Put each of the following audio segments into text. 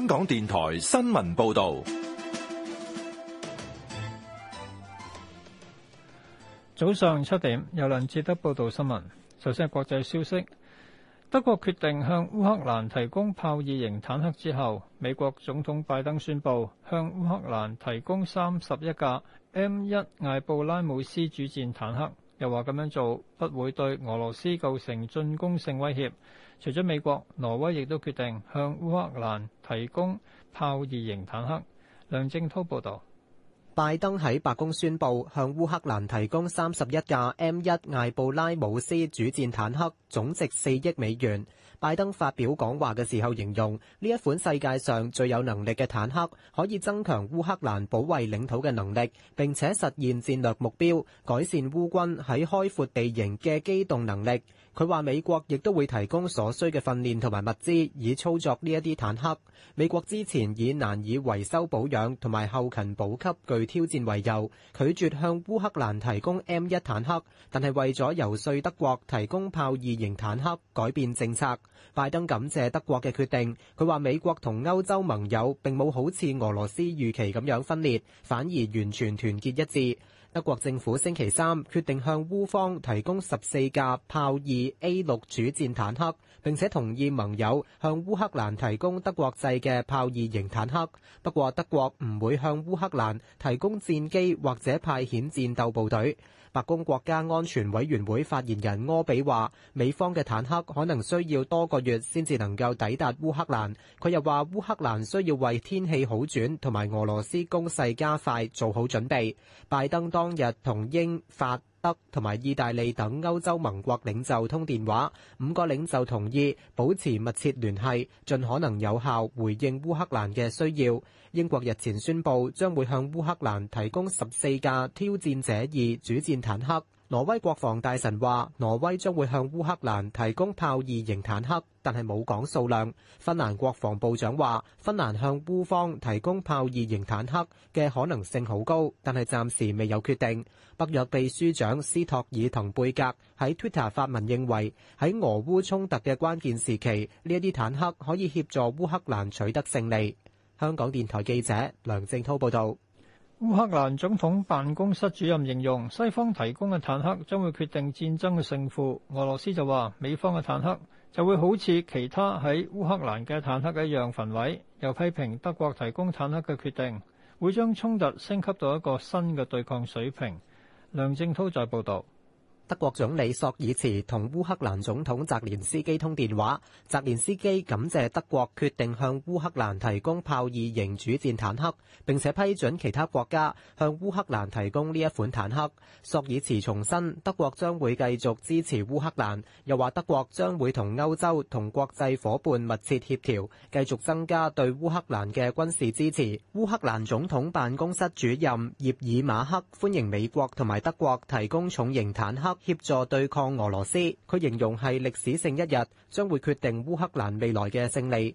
香港電台新聞報道，早上七點有梁志德報道新聞。首先係國際消息，德國決定向烏克蘭提供豹二型坦克之後，美國總統拜登宣布向烏克蘭提供三十一架 M1 艾布拉姆斯主戰坦克。又話咁樣做不會對俄羅斯構成進攻性威脅。除咗美國，挪威亦都決定向烏克蘭提供豹二型坦克。梁正濤報導。拜登喺白宮宣布向烏克蘭提供三十一架 M 一艾布拉姆斯主戰坦克，總值四億美元。拜登發表講話嘅時候，形容呢一款世界上最有能力嘅坦克，可以增強烏克蘭保衛領土嘅能力，並且實現戰略目標，改善烏軍喺開闊地形嘅機動能力。佢話：他說美國亦都會提供所需嘅訓練同埋物資，以操作呢一啲坦克。美國之前以難以維修保養同埋後勤補給具挑戰為由，拒絕向烏克蘭提供 M 一坦克，但係為咗遊說德國提供豹二型坦克，改變政策。拜登感謝德國嘅決定。佢話：美國同歐洲盟友並冇好似俄羅斯預期咁樣分裂，反而完全團結一致。德國政府星期三決定向烏方提供十四架豹二 A 六主戰坦克，並且同意盟友向烏克蘭提供德國製嘅豹二型坦克。不過德國唔會向烏克蘭提供戰機或者派遣戰鬥部隊。白宮國家安全委員會發言人柯比話，美方嘅坦克可能需要多個月先至能夠抵達烏克蘭。佢又話烏克蘭需要為天氣好轉同埋俄羅斯攻勢加快做好準備。拜登當。當日同英法，德同埋意大利等歐洲盟國領袖通電話，五個領袖同意保持密切聯繫，盡可能有效回應烏克蘭嘅需要。英國日前宣布將會向烏克蘭提供十四架挑戰者二主戰坦克。挪威國防大臣話，挪威將會向烏克蘭提供豹二型坦克，但係冇講數量。芬蘭國防部長話，芬蘭向烏方提供豹二型坦克嘅可能性好高，但係暫時未有決定。北約秘書長。斯托爾同貝格喺 Twitter 發文，認為喺俄烏衝突嘅關鍵時期，呢一啲坦克可以協助烏克蘭取得勝利。香港電台記者梁正濤報道。烏克蘭總統辦公室主任形容西方提供嘅坦克將會決定戰爭嘅勝負。俄羅斯就話美方嘅坦克就會好似其他喺烏克蘭嘅坦克嘅一樣焚毀，又批評德國提供坦克嘅決定會將衝突升級到一個新嘅對抗水平。梁振濤在報道。德國總理朔爾茨同烏克蘭總統澤連斯基通電話，澤連斯基感謝德國決定向烏克蘭提供豹二型主戰坦克，並且批准其他國家向烏克蘭提供呢一款坦克。朔爾茨重申德國將會繼續支持烏克蘭，又話德國將會同歐洲同國際夥伴密切協調，繼續增加對烏克蘭嘅軍事支持。烏克蘭總統辦公室主任葉爾馬克歡迎美國同埋德國提供重型坦克。協助對抗俄羅斯，佢形容係歷史性一日，將會決定烏克蘭未來嘅勝利。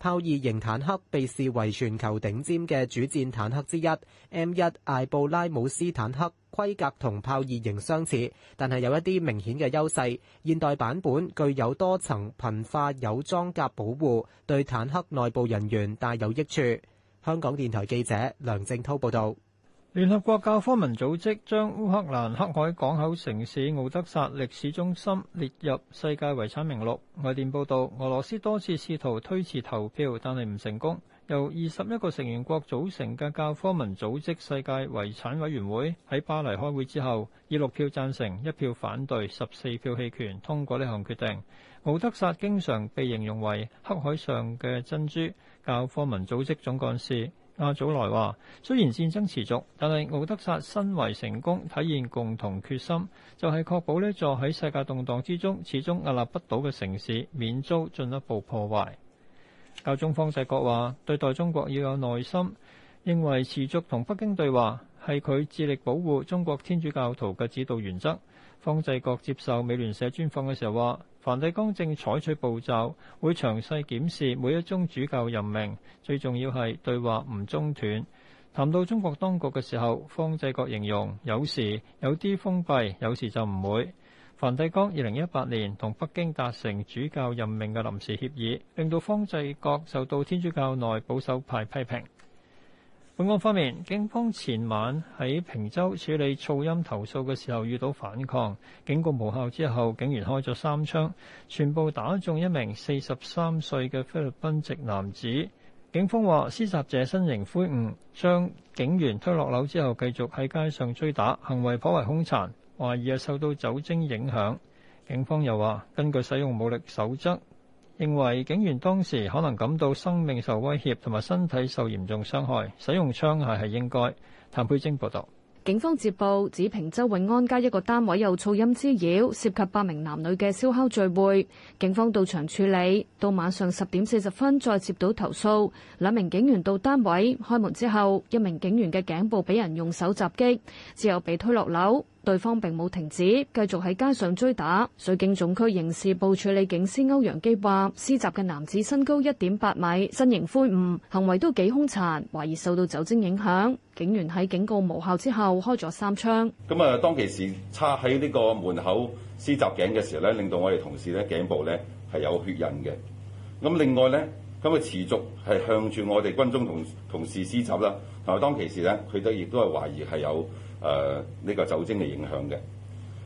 炮二型坦克被視為全球頂尖嘅主戰坦克之一，M1 艾布拉姆斯坦克規格同炮二型相似，但係有一啲明顯嘅優勢，現代版本具有多層貧化鈾裝甲保護，對坦克內部人員大有益處。香港電台記者梁正濤報道。聯合國教科文組織將烏克蘭黑海港口城市敖德薩歷史中心列入世界遺產名錄。外電報導，俄羅斯多次試圖推遲投票，但係唔成功。由二十一個成員國組成嘅教科文組織世界遺產委員會喺巴黎開會之後，以六票贊成、一票反對、十四票棄權通過呢項決定。敖德薩經常被形容為黑海上嘅珍珠。教科文組織總幹事。阿祖、啊、來話：雖然戰爭持續，但係奧德薩身為成功體現共同決心，就係、是、確保呢座喺世界動盪之中，始終屹立不倒嘅城市免遭進一步破壞。教宗方濟各話：對待中國要有耐心，認為持續同北京對話係佢致力保護中國天主教徒嘅指導原則。方濟各接受美聯社專訪嘅時候話。梵蒂岡正採取步驟，會詳細檢視每一宗主教任命，最重要係對話唔中斷。談到中國當局嘅時候，方濟各形容有時有啲封閉，有時就唔會。梵蒂岡二零一八年同北京達成主教任命嘅臨時協議，令到方濟各受到天主教內保守派批評。本港方面，警方前晚喺坪洲處理噪音投訴嘅時候遇到反抗，警告無效之後，警員開咗三槍，全部打中一名四十三歲嘅菲律賓籍男子。警方話，施襲者身形魁梧，將警員推落樓之後，繼續喺街上追打，行為頗為兇殘，懷疑係受到酒精影響。警方又話，根據使用武力守則，認為警員當時可能感到生命受威脅同埋身體受嚴重傷害，使用槍械係應該。譚佩晶報道，警方接報指平洲永安街一個單位有噪音滋擾，涉及八名男女嘅燒烤聚會，警方到場處理。到晚上十點四十分再接到投訴，兩名警員到單位開門之後，一名警員嘅頸部俾人用手襲擊，之後被推落樓。對方並冇停止，繼續喺街上追打。水警總區刑事部處理警司歐陽基話：施襲嘅男子身高一點八米，身形魁梧，行為都幾兇殘，懷疑受到酒精影響。警員喺警告無效之後，開咗三槍。咁啊，當其時插喺呢個門口施襲頸嘅時候咧，令到我哋同事咧頸部咧係有血印嘅。咁另外呢，咁佢持續係向住我哋軍中同同事施襲啦。同埋當其時呢，佢都亦都係懷疑係有。誒呢，uh, 個酒精嘅影響嘅，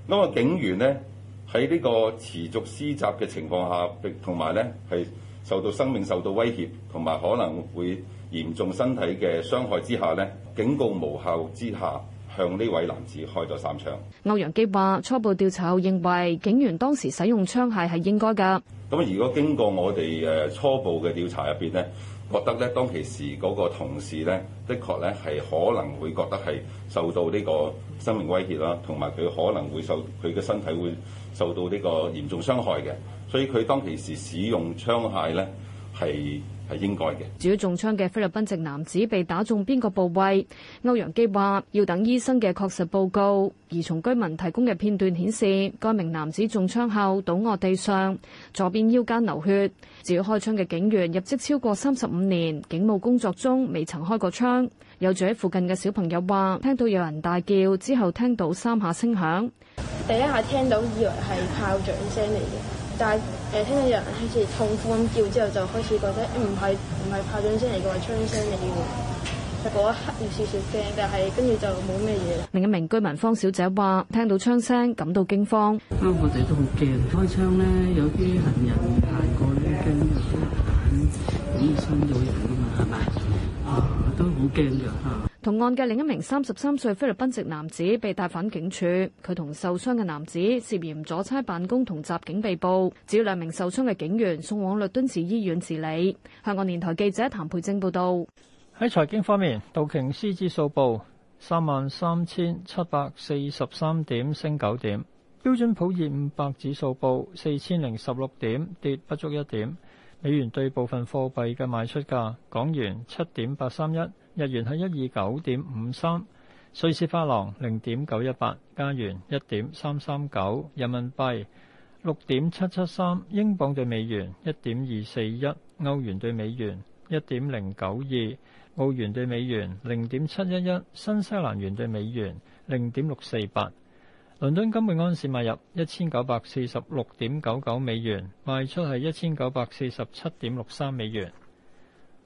咁啊警員咧喺呢個持續施襲嘅情況下，同埋咧係受到生命受到威脅，同埋可能會嚴重身體嘅傷害之下咧，警告無效之下。向呢位男子開咗三槍。歐陽基話初步調查後認為警員當時使用槍械係應該噶咁如果經過我哋誒初步嘅調查入邊咧，覺得咧當其時嗰個同事咧的確咧係可能會覺得係受到呢個生命威脅啦，同埋佢可能會受佢嘅身體會受到呢個嚴重傷害嘅，所以佢當其時使用槍械咧，係係應該嘅。至於中槍嘅菲律賓籍男子被打中邊個部位？歐陽基話要等醫生嘅確實報告。而從居民提供嘅片段顯示，該名男子中槍後倒卧地上，左邊腰間流血。至於開槍嘅警員，入職超過三十五年，警務工作中未曾開過槍。有住喺附近嘅小朋友話，聽到有人大叫，之後聽到三下聲響，第一下聽到以為係炮仗聲嚟嘅。但聽到有人好似痛苦咁叫，之後就開始覺得唔係唔係炮仗聲嚟嘅，係槍聲嚟嘅。喺嗰一刻有少少驚，但係跟住就冇咩嘢。另一名居民方小姐話：聽到槍聲感到驚慌，啊、我哋都好驚。開槍咧，有啲行人行過咧，驚有啲眼，人，人啊嘛，係咪？啊，都好驚㗎嚇。同案嘅另一名三十三歲菲律賓籍男子被帶返警署，佢同受傷嘅男子涉嫌阻差辦公同襲警被捕。至於兩名受傷嘅警員，送往律敦治醫院治理。香港電台記者譚佩貞報道。喺財經方面，道瓊斯指數報三萬三千七百四十三點，升九點。標準普爾五百指數報四千零十六點，跌不足一點。美元對部分貨幣嘅賣出價，港元七點八三一。日元係一二九點五三，瑞士法郎零點九一八，加元一點三三九，人民幣六點七七三，英鎊對美元一點二四一，歐元對美元一點零九二，澳元對美元零點七一一，新西蘭元對美元零點六四八。倫敦金本安士買入一千九百四十六點九九美元，賣出係一千九百四十七點六三美元。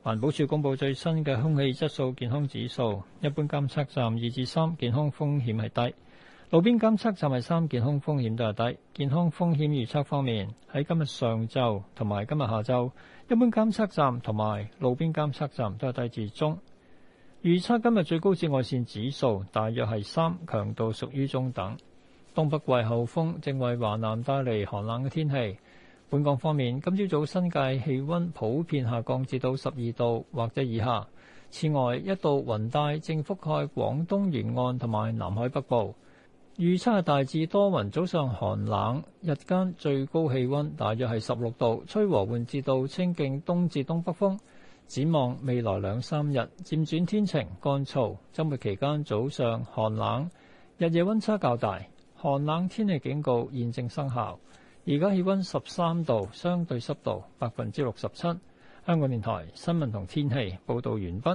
環保署公布最新嘅空氣質素健康指數，一般監測站二至三，3，健康風險係低；路邊監測站係三，健康風險都係低。健康風險預測方面，喺今日上晝同埋今日下晝，一般監測站同埋路邊監測站都係低至中。預測今日最高紫外線指數大約係三，強度屬於中等。東北季候風正為華南帶嚟寒冷嘅天氣。本港方面，今朝早新界氣溫普遍下降至到十二度或者以下。此外，一道雲帶正覆蓋廣東沿岸同埋南海北部，預測大致多雲，早上寒冷，日間最高氣溫大約係十六度，吹和緩至到清勁東至東北風。展望未來兩三日漸轉天晴乾燥，週末期間早上寒冷，日夜溫差較大，寒冷天氣警告現正生效。而家氣溫十三度，相對濕度百分之六十七，香港電台新聞同天氣報道完畢。